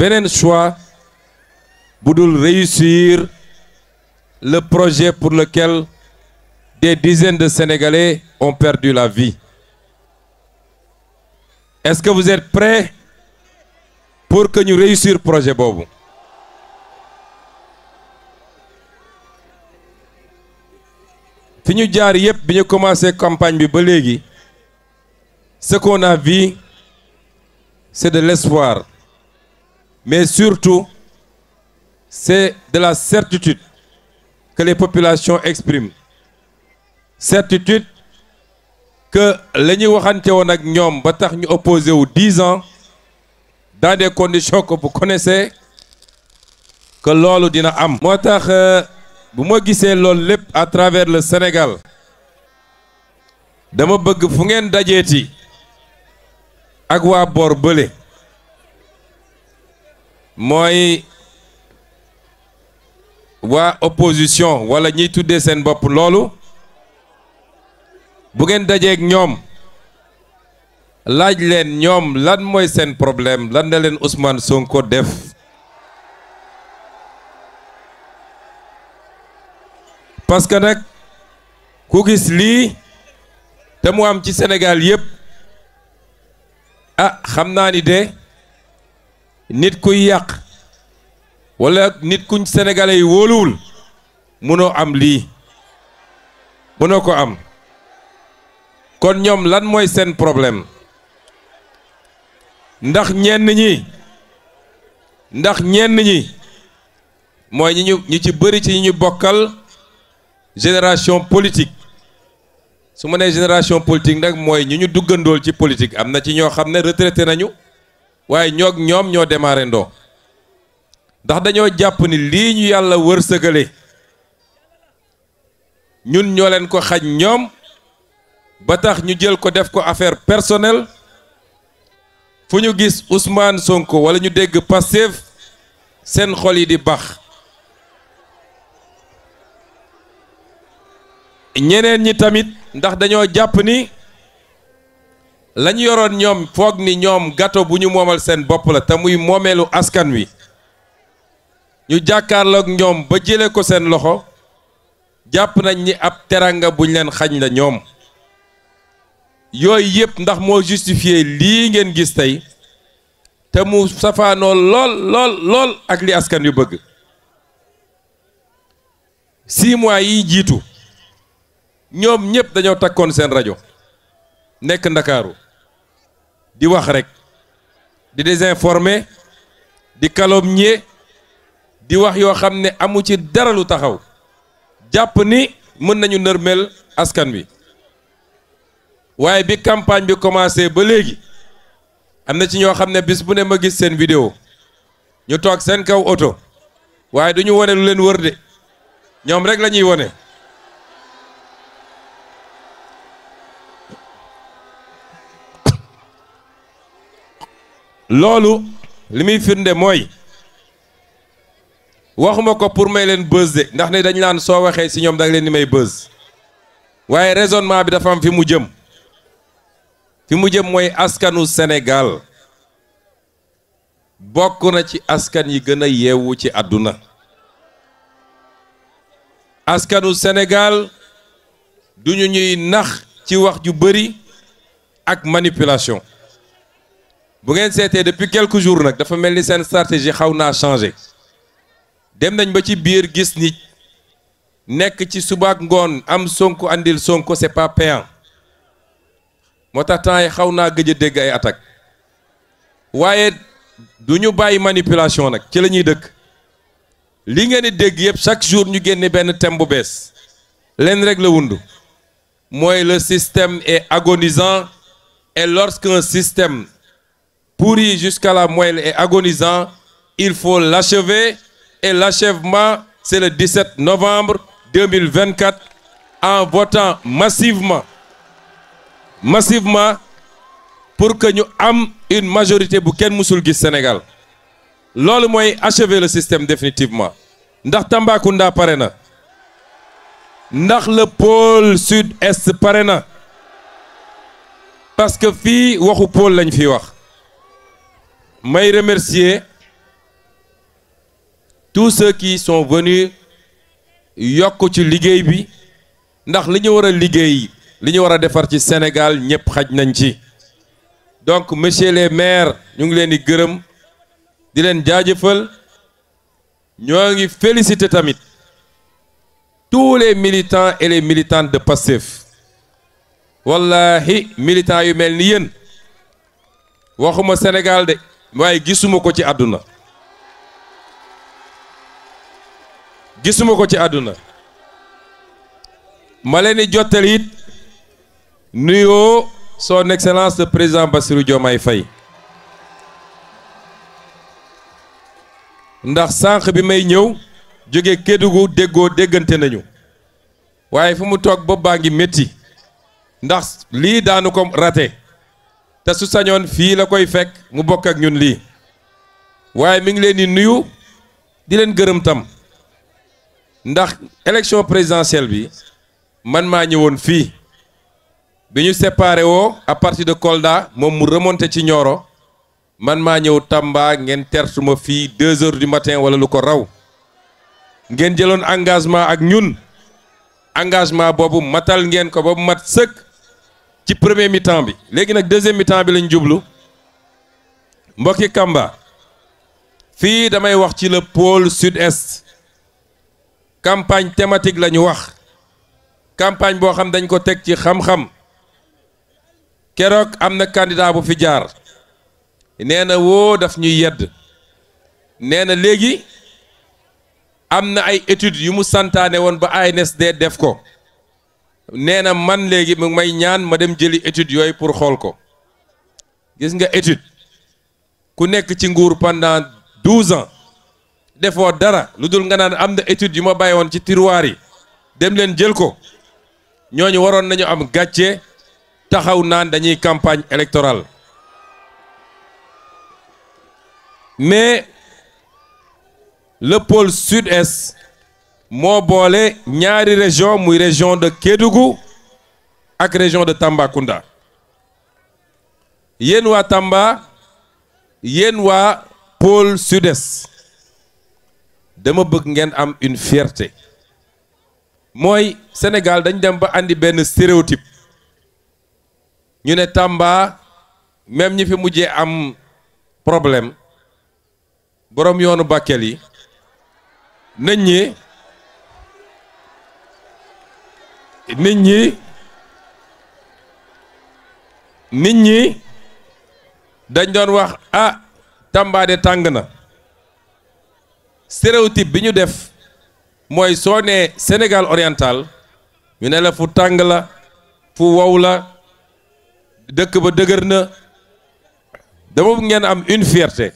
benen choix vous réussir le projet pour lequel des dizaines de Sénégalais ont perdu la vie. Est-ce que vous êtes prêts pour que nous réussissions le projet Bobo campagne ce qu'on a vu c'est de l'espoir mais surtout, c'est de la certitude que les populations expriment. Certitude que les gens qui ont opposé au 10 ans, dans des conditions que vous connaissez, que l'on dina am. Moi, euh, bu vois à travers le Sénégal dama bëgg fu ngeen vous ak mooy waa opposition wala ñiy tuddee seen bopp loolu bu ngeen dajeeg ñoom laaj leen ñoom lan mooy seen problème lan na leen Ousmane Sonko def parce que nag ku gis lii te mu am ci Sénégal yépp a ah, xam naa ni de nit kuy yàq walla nit kuñ sénégalais yi wóoluwul mënoo am lii mënoo ko am kon ñoom lan mooy seen problème ndax ñenn ñi ndax ñenn ñi mooy ñi ñu ñi ci bëri ci ñi ñu bokkal génération politique su ma nee génération politique nag mooy ñi ñu duggandool ci politique am na ci ñoo xam ne retraité nañu waaye ñoog ñoom ñoo démarré ndax dañoo jàpp ni lii ñu yàlla wërsëgale ñun ñoo leen ko xaj ñoom ba tax ñu jël ko def ko affaire personnelle fu ñu gis Ousmane Sonko wala ñu dégg Pastef seen xol yi di bax ñeneen ñi tamit ndax dañoo jàpp ni lañu yoroon ñoom foog ni ñoom gato bu ñu moomal seen bopp la te muy moomeelu askan wi ñu jàkkaarloog ñoom ba jële ko seen loxo jàpp nañ ni ab teranga buñ leen xañ la ñoom yooyu yëpp ndax moo justifié lii ngeen gis tey te mu safaanoo lool lool lool ak li askan wi bëgg six mois yi jiitu ñoom ñëpp dañoo takkoon seen rajo nekk ndakaaru di wax rek di désinformer di calomnier di wax yoo xam ne amu ci dara lu taxaw jàpp ni mën nañu nërmeel askan wi waaye bi campagne bi commencé ba léegi am na ci ñoo xam ne bis bu ne ma gis seen vidéo ñu toog seen kaw oto waaye du ñu wone lu leen wër de ñoom rek lañuy ñuy wone loolu li muy firnde mooy waxuma ko pour may leen buzz de ndax ne dañu laan soo waxee si ñoom danga leen di may buzz waaye raisonnement bi dafa am fi mu jëm fi mu jëm mooy askanu Sénégal bokk na ci askan yi gën a yeewu ci àdduna askanu Sénégal duñu ñuy nax ci wax ju bëri ak manipulation Vous ngeen depuis quelques jours nak, dafa ont stratégie changé dem nañ ba ci biir gis nit nek ci Subak, ngone am sonko andil sonko c'est pas payant moo tax xawna yi ay attaque duñu manipulation nak ci lañuy li ngeen ni dégg chaque jour ñu génné ben thème bu bees leen wundu le système est agonisant et lorsqu'un système pourri jusqu'à la moelle et agonisant, il faut l'achever et l'achèvement, c'est le 17 novembre 2024 en votant massivement, massivement pour que nous ayons une majorité pour qu'elle moussoul au Sénégal. Lors moyen achever le système définitivement. Ndax Tamba Kunda na. Ndax le pôle sud-est Paréna, Parce que fi waxu pôle je remercie tous ceux qui sont venus pour ci bi ndax li ñu Sénégal donc monsieur les maires nous ngi remercions. gërëm di tamit tous les militants et les militantes de Passif. wallahi militants yu Sénégal waaye gisuma ko ci àdduna gisuma ko ci àdduna ma leen di jottal it nuyoo son excellence le président Bassirou Diomaye Faye ndax sànq bi may ñëw jóge Kédougou déggoo déggante nañu waaye fu mu toog bopp baa ngi metti ndax lii daanu ko rate te su sañoon fii la koy fekk mu bokk ak ñun lii waaye mi ngi leen di nuyu di leen gërëm tam ndax élection présidentielle bi man maa ñëwoon fii bi ñu séparé woo à partir de Kolda moom mu remonté ci Nioro man maa ñëw Tamba ngeen tertu ma fii deux heures du matin wala lu ko raw ngeen jëloon engagement ak ñun engagement boobu matal ngeen ko ba mu mat sëkk. ci premier mi-temps bi léegi nak deuxième mi-temps bi lañ djublu mbokki Kamba fi damay wax ci le pôle sud-est campagne thématique la wax campagne bo xam dañ ko tek ci xam-xam kérok amna candidat bu fi jaar néna wo daf ñuy yedd néna légui amna ay études yu mu santaane ba INSD def ko nee na man léegi mu may ñaan ma dem jëli étude yooyu pour xool ko gis nga étude ku nekk ci nguur pendant douze ans defoo dara lu dul nga naan am na étude yu ma bàyyi woon ci tiroir yi dem leen jël ko ñooñu waroon nañu am gàcce taxaw naan dañuy campagne électoral mais le pôle sud-est moo boole ñaari région muy région de Kédougou ak région de Tambacounda yéen waa Tamba yéen waa pôle sudes est dama bëgg ngeen am une fierté mooy Sénégal dañ dem ba andi benn stéréotype ñu ne Tamba même ñi fi mujjee am problème boroom yoonu Bakel yi nañ ñi nit ñi nit dañ ah Tamba de tàng stéréotype bi def mooy soo Sénégal oriental Je ne la fu de la fu wow la ba dama am une fierté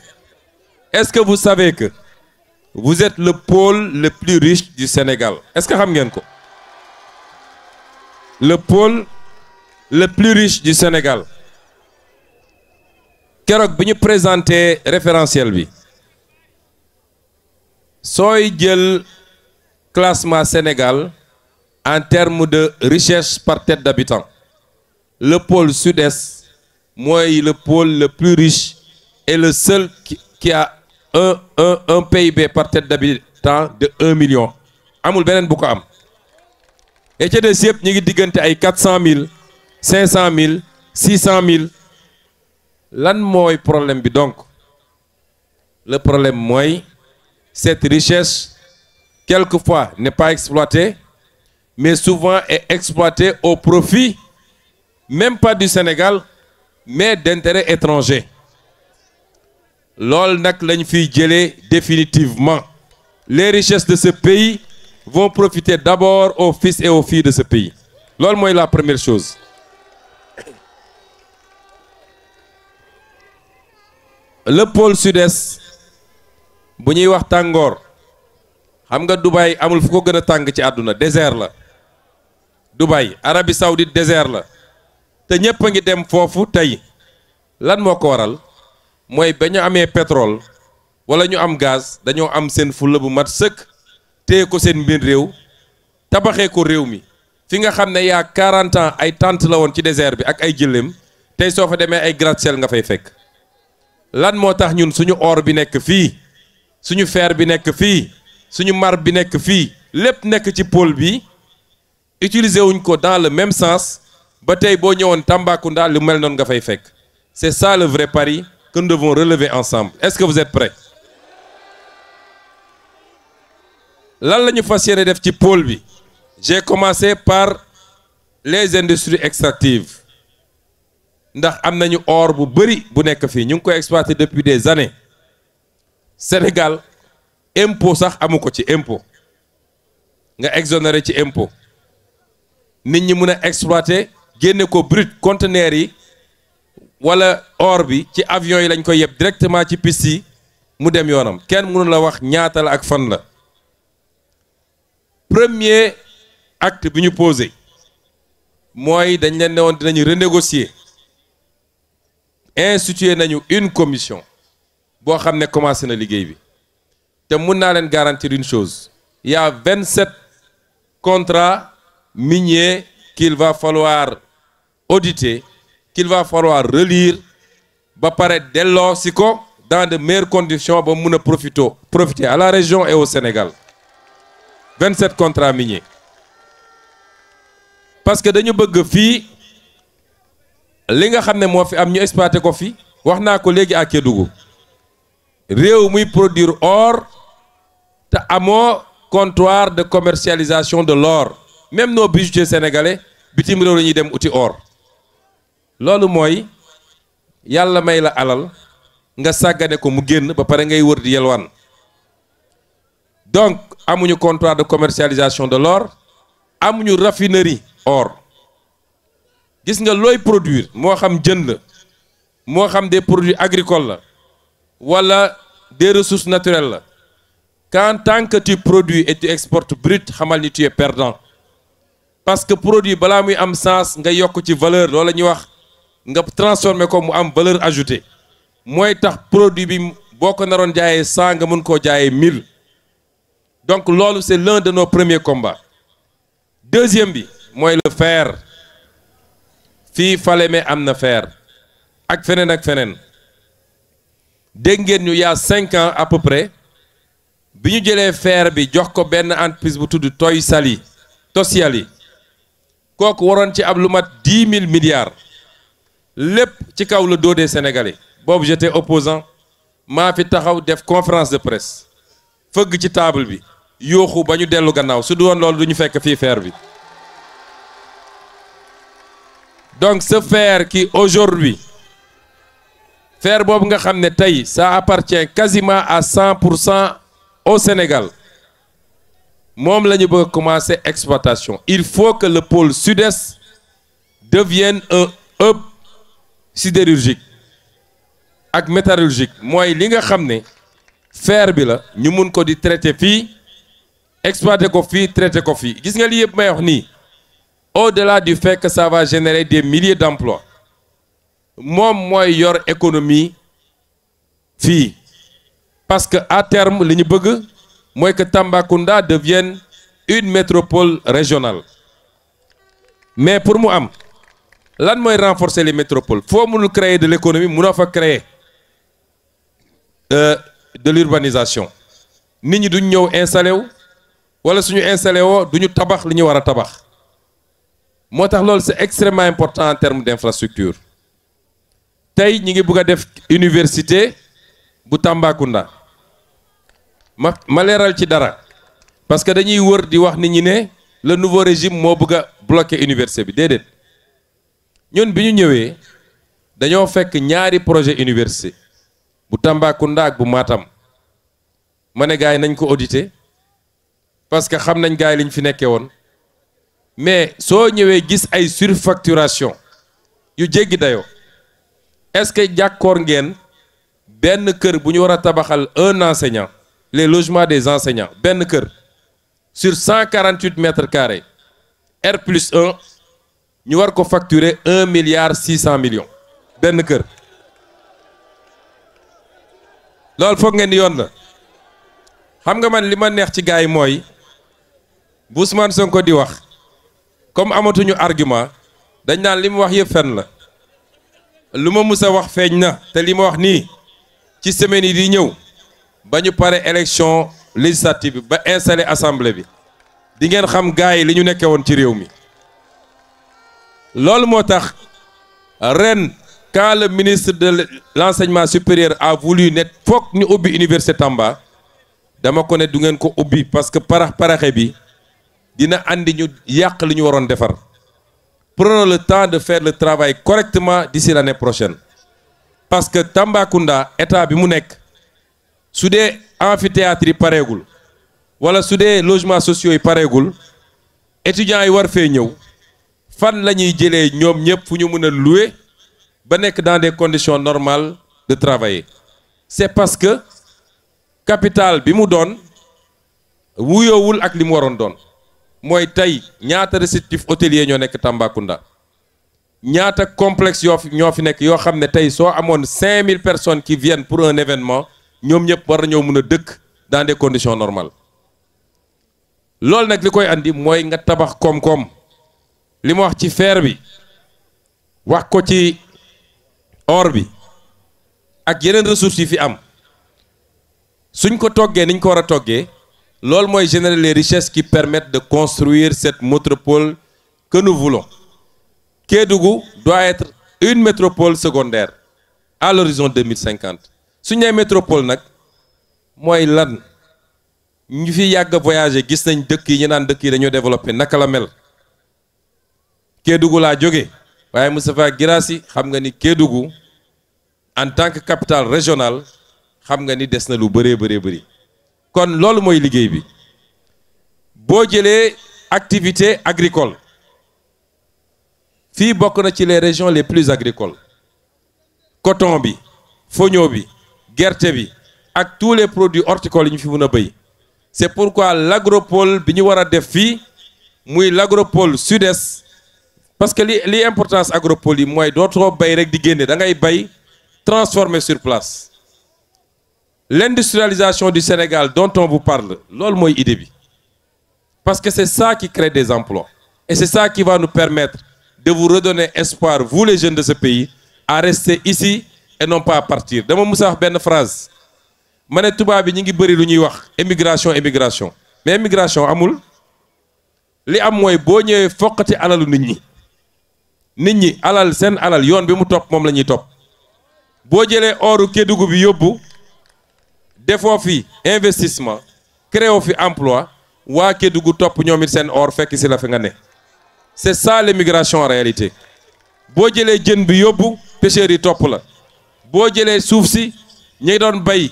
est-ce que vous savez que vous êtes le pôle le plus riche du Sénégal est-ce que vous ngeen le pôle le plus riche du Sénégal keroog vous présenté référentiel bi classement Sénégal en termes de richesse par tête d'habitant le pôle sud-est moi, le pôle le plus riche et le seul qui, a un un PIB par tête d'habitant de 1 million et c'est des nous 400 000, 500 000, 600 000. L'un le problème, donc, le problème, que cette richesse, quelquefois, n'est pas exploitée, mais souvent est exploitée au profit, même pas du Sénégal, mais d'intérêts étrangers. L'ol n'a que définitivement. Les richesses de ce pays vont profiter d'abord aux fils et aux filles de ce pays loolu est la première chose le pôle sud-est bu tangor, wax Dubai xam nga Dubaï amul fu ko gën aduna ci àdduna désert la Dubaï Arabie Saoudite désert la te ñëpp a dem foofu tey lan moo ko waral Moy ba amé pétrole wala ñu am gaz danyu am sen fulla bu mat téye ko seen mbir ko mi fi nga 40 ans ay la ci désert bi ak ay fa ay gratte nga fay fekk lan moo ñun suñu or bi nekk fii suñu fer bi nekk fii suñu mar bi nekk fii ci bi utiliser wuñ ko dans le même sens ba tey lu mel c'est ça le vrai pari que nous devons relever ensemble est-ce que vous êtes prêts lan la ñu fas yéene def ci pôle bi j'ai commencé par les industries extractives ndax am or bu bëri bu nekk fii ñu ngi koy exploité depuis des années Sénégal impôt sax amu ko ci impôt nga exonéré ci impôt nit ñi mun a exploité génne ko brut conteneur yi wala or bi ci avion yi lañ koy yeb directement ci piste yi mu dem yoonam kenn mënu la wax ñaata ak fan la premier acte que nous posé c'est dañ nous renégocier instituer une commission pour commencer à faire na liggéey bi garantir une chose il y a 27 contrats miniers qu'il va falloir auditer qu'il va falloir relire pour apparaître dès lors, dans de meilleures conditions pour profiter à la région et au Sénégal 27 contrats miniers parce que nous avons fi li nga xamné mo fi am ñu ko fi waxna ko légui aké que muy produire or ta amo comptoir de commercialisation de l'or même nos bijoutiers sénégalais bitim réew dem uti or lolu moy yalla may la alal nga sagane ko mu génn ba paré ngay donc a un contrat de commercialisation de l'or Il raffinerie or gis nga que produire moo xam la des produits agricoles voilà des ressources naturelles quand tant que tu produis et tu exportes brut ni tu es perdant parce que produit balaa muy am sens nga ont une valeur Tu ñuy wax nga transformer valeur ajoutée Moi, tax produit bi boko ko 1000. cent nga donc c'est l'un de nos premiers combats deuxième bi le fer fii fallait am na fer ak feneen ak feneen dégg il ñu y'a cinq ans à peu près bi ñu jëlee fer bi jox ko benn entreprise bu tudd Toy Sali Tosiali kooku waroon ci 10 000 milliards lépp ci kaw le dos des Sénégalais Bob j'étais opposant Ma fi taxaw def conférence de presse fëgg ci table bi Yo, ba ñu dellu gannaaw su du won lolou duñu fekk fi fer bi donc ce fer qui aujourd'hui fer bobu nga xam tay ça appartient quasiment à 100% au Sénégal mom lañu bëgg commencer exploitation il faut que le pôle sud-est devienne un hub sidérurgique ak métallurgique moy li nga xam fer bi la ñu mun ko di traiter fi exploiter de profit traiter de cofis. au-delà du fait que ça va générer des milliers d'emplois mon mooy économie vit. parce que à terme li bëgg que Tambacounda devienne une métropole régionale mais pour moi, am lan renforcer les métropoles que nous créer de l'économie nous faut créer euh, de l'urbanisation Nous wala suñu installé wo du tabax liñu wara tabax motax lool c'est extrêmement important en termes d'infrastructure tay ñi ngi bëgg def université bu Tambacounda ma ma ci dara parce que dañuy wër di wax nit ñi né le nouveau régime mo bëgg bloquer université bi déedéet ñun biñu ñëwé dañoo fekk ñaari projet université bu kunda, ak bu Matam mané ne nañ ko auditer parce que xam nañ gars liñ fi nekkee woon mais so ñëwé gis ay surfacturation yu jéggi dayo est-ce que jàkkoor ngeen benn kër bu ñu war a tabaxal un enseignant les logements des enseignants benn kër sur 148 mètres carrés R plus un ñu war ko facturer un milliard six cent millions benn kër loolu foog ngeen yoon la xam nga man li ma neex ci gars yi mooy bu Sonko di wax comme amatuñu argument dañ naan li mu wax yëpp fen la lu ma wax feeñ na te li ma wax nii ci semaine yi di ñëw ba ñu pare élection législative bi ba installé assemblée bi di ngeen xam gars yi li ñu nekkee ci réew mi loolu moo tax ren quand le ministre de l'enseignement supérieur a voulu ne foog ñu ubbi université Tamba dama ko ne du ngeen ko ubbi parce que parax paraxe bi dina andi ñu yaq li ñu waron défar prenons le temps de faire le travail correctement d'ici l'année prochaine parce que Tambacounda état bi mu nek su dee amphithéâtre yi parégul wala su logements sociaux yi parégul étudiants yi war fé ñew fan lañuy jëlé ñom ñoom ñëpp fu ñu mëna louer ba nek dans des conditions normales de travailler c'est parce que capital bi mu doon wuyowul ak li mu waron don mooy tey ñaata réceptif hôtelier ñoo nekk Tambacounda ñaata complexe yoo fi ñoo fi nekk yoo xam ne tey soo amoon 5000 personnes qui viennent pour un événement ñoom ñëpp war nañoo mën a dëkk dans des conditions normales loolu nag li koy andi mooy nga tabax koom-koom li ma wax ci fer bi wax ko ci or bi ak yeneen ressources yi fi am suñ ko toggee niñ ko war a toggee L'olmo qui génère les richesses qui permettent de construire cette métropole que nous voulons Kédougou doit être une métropole secondaire à l'horizon 2050 nous sommes une métropole nous mooy lan ñu fi voyager gis nañ des yi ñu naan développés. yi développé Kédougou l'a Girassi, xam en tant que capitale régionale xam nga ni des na lu bëree kon lolou moy liguey bi bo jélé activité agricole fi bokk na ci les régions les plus agricoles coton bi foño bi bi tous les produits horticoles ñu fi c'est pourquoi l'agropole bi ñu def l'agropole sud-est parce que li li importance c'est moy mooy bay rek di da ngay transformer sur place l'industrialisation du Sénégal dont on vous parle loolu mooy idée parce que c'est ça qui crée des emplois et c'est ça qui va nous permettre de vous redonner espoir vous les jeunes de ce pays à rester ici et non pas à partir dama vous dire une phrase je ne tubaab bi ñu ngi bëri lu émigration émigration mais émigration amul li am moy bo ñewé foqati alalu nit ñi nit ñi alal sen alal yoon bi mu top mom lañuy top bo jëlé oru bi des fois, investissement créer fi emploi waa du topp top it seen or fekk qui la fi nga c'est ça l'immigration en réalité Si vous avez bi gens qui yi topp la si ñi doon bay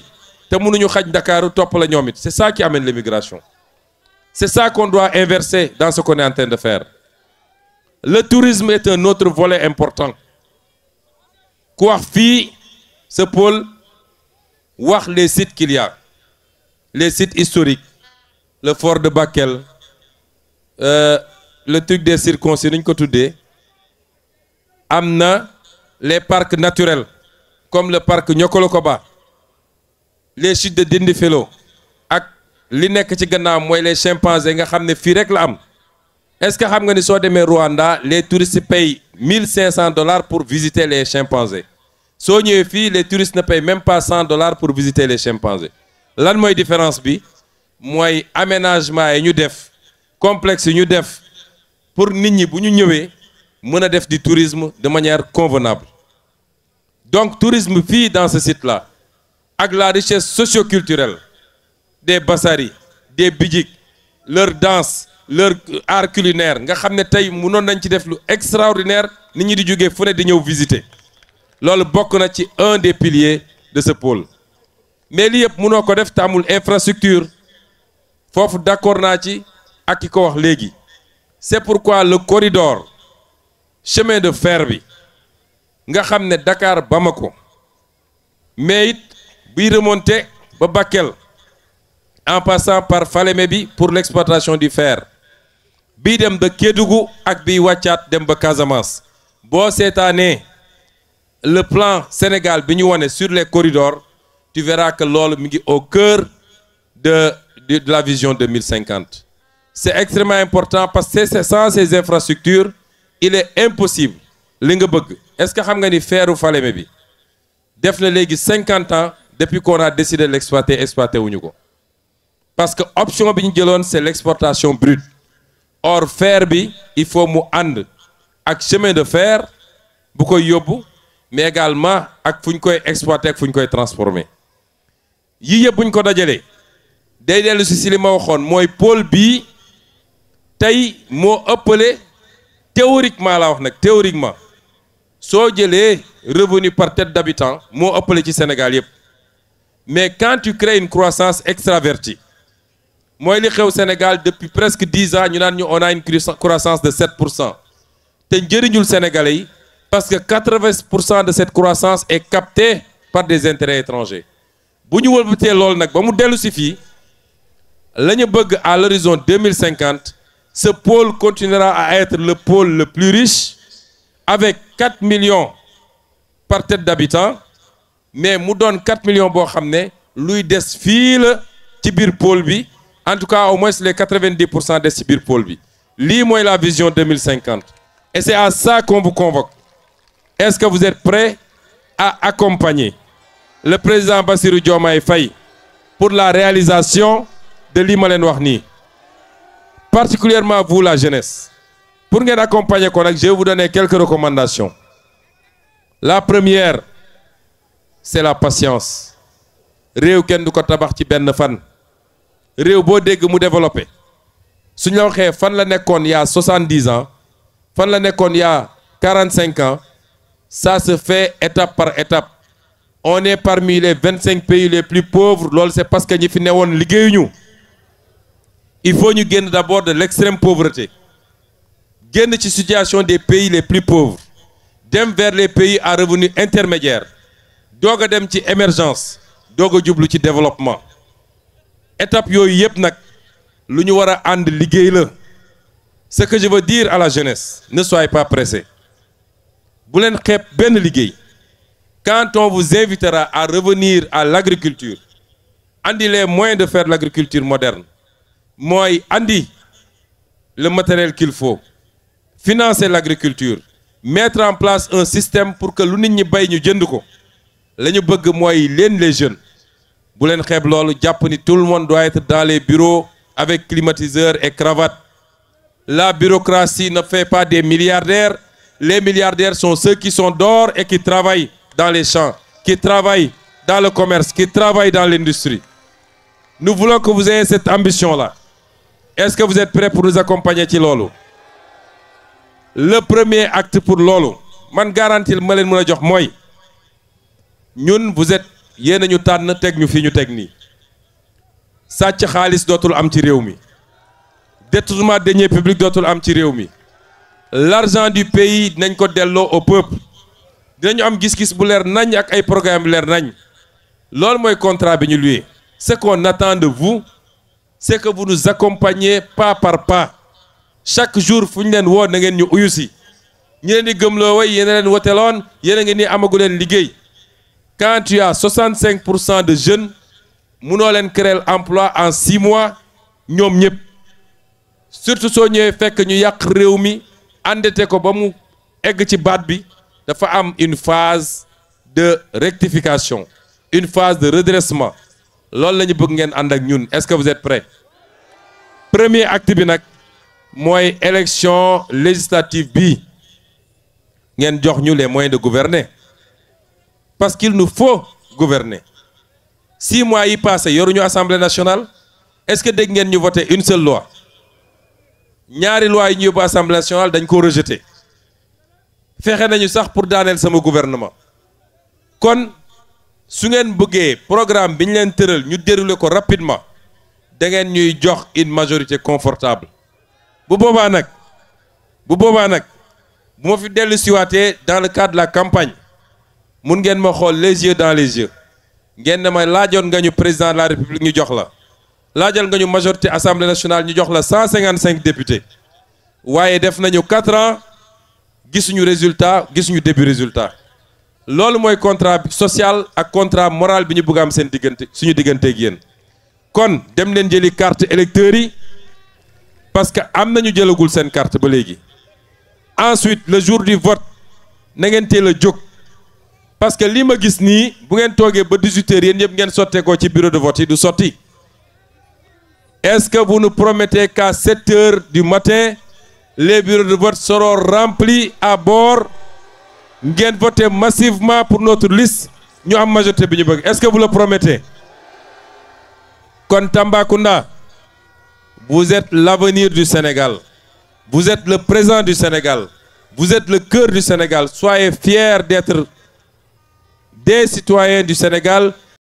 te mënuñu xaj Ndakaaru topp la c'est ça qui amène l'immigration c'est ça qu'on doit inverser dans ce qu'on est en train de faire le tourisme est un autre volet important Quoi, wax ce pôle Voir les sites qu'il y a les sites historiques le fort de Bakel euh, le truc des circonstances, les parcs naturels comme le parc Nyokolokoba, les chutes de Dindifelo, ak les chimpanzés est-ce que Rwanda les touristes payent 1500 dollars pour visiter les chimpanzés on est les touristes ne payent même pas 100 dollars pour visiter les chimpanzés Là, la différence bi que aménagement yi ñu complexe New def pour nit ñi bu ñu du tourisme de manière convenable donc le tourisme fi dans ce site là avec la richesse socioculturelle des bassaris, des Bidjik leur danse leur art culinaire Nous avons ne extraordinaire nit ñi visiter lol un des piliers de ce pôle mais li yëpp mënoo def infrastructure foofu d'accord avec ci ak c'est pourquoi le corridor chemin de fer bi nga Dakar Bamako mais it buy remonter Bakel en passant par Falemebi pour l'exploitation du fer Il dem ba Kédougou ak biy wàccaat dem ba Casamance le plan Sénégal bénin sur les corridors tu verras que l'OL est au cœur de la vision 2050 c'est extrêmement important parce que sans ces infrastructures il est impossible li est-ce que xam nga ni ou Falémé bi Il y a ans depuis qu'on a décidé de l'exploiter exploiter wuñu parce que option que c'est l'exportation brute or fer il faut mu le chemin de fer beaucoup koy mais également ak fuñ koy exploiter ak fuñ koy transformer yi yëpp buñ le ko dajalé day dellu ci silima waxone moy pôle bi tay mo ëppalé théoriquement la wax nak théoriquement so revenus revenu par tête d'habitant mo ëppalé ci Sénégal mais quand tu crées une croissance extravertie moy li xew Sénégal depuis presque 10 ans ñu ñu on a une croissance de 7 té cent njëriñul sénégalais parce que 80% de cette croissance est captée par des intérêts étrangers Si vous voulez loolu ba mu à l'horizon 2050 ce pôle continuera à être le pôle le plus riche avec 4 millions par tête d'habitants. mais nous donne 4 millions pour xam lui luy des fils en tout cas au moins les 90 de Tibir ci moi, la vision 2050 et c'est à ça qu'on vous convoque est-ce que vous êtes prêts à accompagner le président Bassirou Diomaye Faye pour la réalisation de l'Imalen Warni Particulièrement vous, la jeunesse. Pour nous accompagner, je vais vous donner quelques recommandations. La première, c'est la patience. réew du fan vous fan la il y a 70 ans fan la il y a 45 ans ça se fait étape par étape on est parmi les 25 pays les plus pauvres c'est parce que nous fi newoon liggéeyuñu il faut nous génn d'abord de l'extrême pauvreté gagner la situation des pays les plus pauvres dem vers les pays à revenus intermédiaires. doog dem ci émergence développement étape est yépp ce que je veux dire à la jeunesse ne soyez pas pressés quand on vous invitera à revenir à l'agriculture andy les moyens de faire l'agriculture moderne On andi le matériel qu'il faut financer l'agriculture mettre en place un système pour que lu ko les jeunes tout le monde doit être dans les bureaux avec climatiseur et cravate la bureaucratie ne fait pas des milliardaires les milliardaires sont ceux qui sont d'or et qui travaillent dans les champs, qui travaillent dans le commerce, qui travaillent dans l'industrie. Nous voulons que vous ayez cette ambition-là. Est-ce que vous êtes prêts pour nous accompagner ci le premier acte pour Lolo, man vous ma leen jox vous êtes yéen a ñu tànn teg ñu khalis am ci l'argent du pays dinañ ko dello au peuple dinañu am gis-gis bu leer nañ ak ay programme bu leer nañ lool moy contrat bi ñu luwee ce qu'on attend de vous c'est que vous nous accompagnez pas par pas chaque jour fuñ len wo woo na ngeen ñu uyu si ñu leen di gëmlo way yéena len woteloon yéena ngeen ni amagu leen liggéey quand tu as 65 de jeunes mëno len créer emploi en 6 mois ñom ñep surtout so ñëwee fekk ñu yaq réew mi en ko bamou egg une phase de rectification une phase de redressement lolou lañu bëgg ngeen est-ce que vous êtes prêts premier acte bi l'élection élection législative bi ngeen les moyens de gouverner parce qu'il nous faut gouverner six mois yi passé une assemblée nationale est-ce que dégg ngeen ñu une seule loi ñaari loi yi ñu yóbbu assemblée nationale dañ ko rejeté fexé nañu sax pour daaneel sama gouvernement kon su ngeen bëggee programme bi leen tëral ñu dérouler ko rapidement da ngeen ñuy jox une majorité confortable bu boobaa nag bu boobaa nag bu ma fi dellu siwaatee dans le cadre de la campagne mun ngeen ma xool les yeux dans les yeux ngeen ne ma laajoon nga ñu président de la république ñu jox la Là, L'adjoint de la majorité de l'Assemblée nationale, nous avons 155 députés. Mais nous avons 4 ans, nous avons résultat, nous avons début résultat. C'est ce contrat social et le contrat moral que nous avons besoin de nous. Donc, nous avons pris les cartes électorales parce que nous avons pris les cartes électorales. Ensuite, le jour du vote, nous avons le joke. Parce que ce que je vois, si vous êtes à 18h, vous êtes sorti au bureau de vote, vous êtes sorti. Est-ce que vous nous promettez qu'à 7 heures du matin, les bureaux de vote seront remplis à bord Nous voter massivement pour notre liste Nous majorité est-ce que vous le promettez vous êtes l'avenir du Sénégal vous êtes le présent du Sénégal vous êtes le cœur du Sénégal soyez fiers d'être des citoyens du Sénégal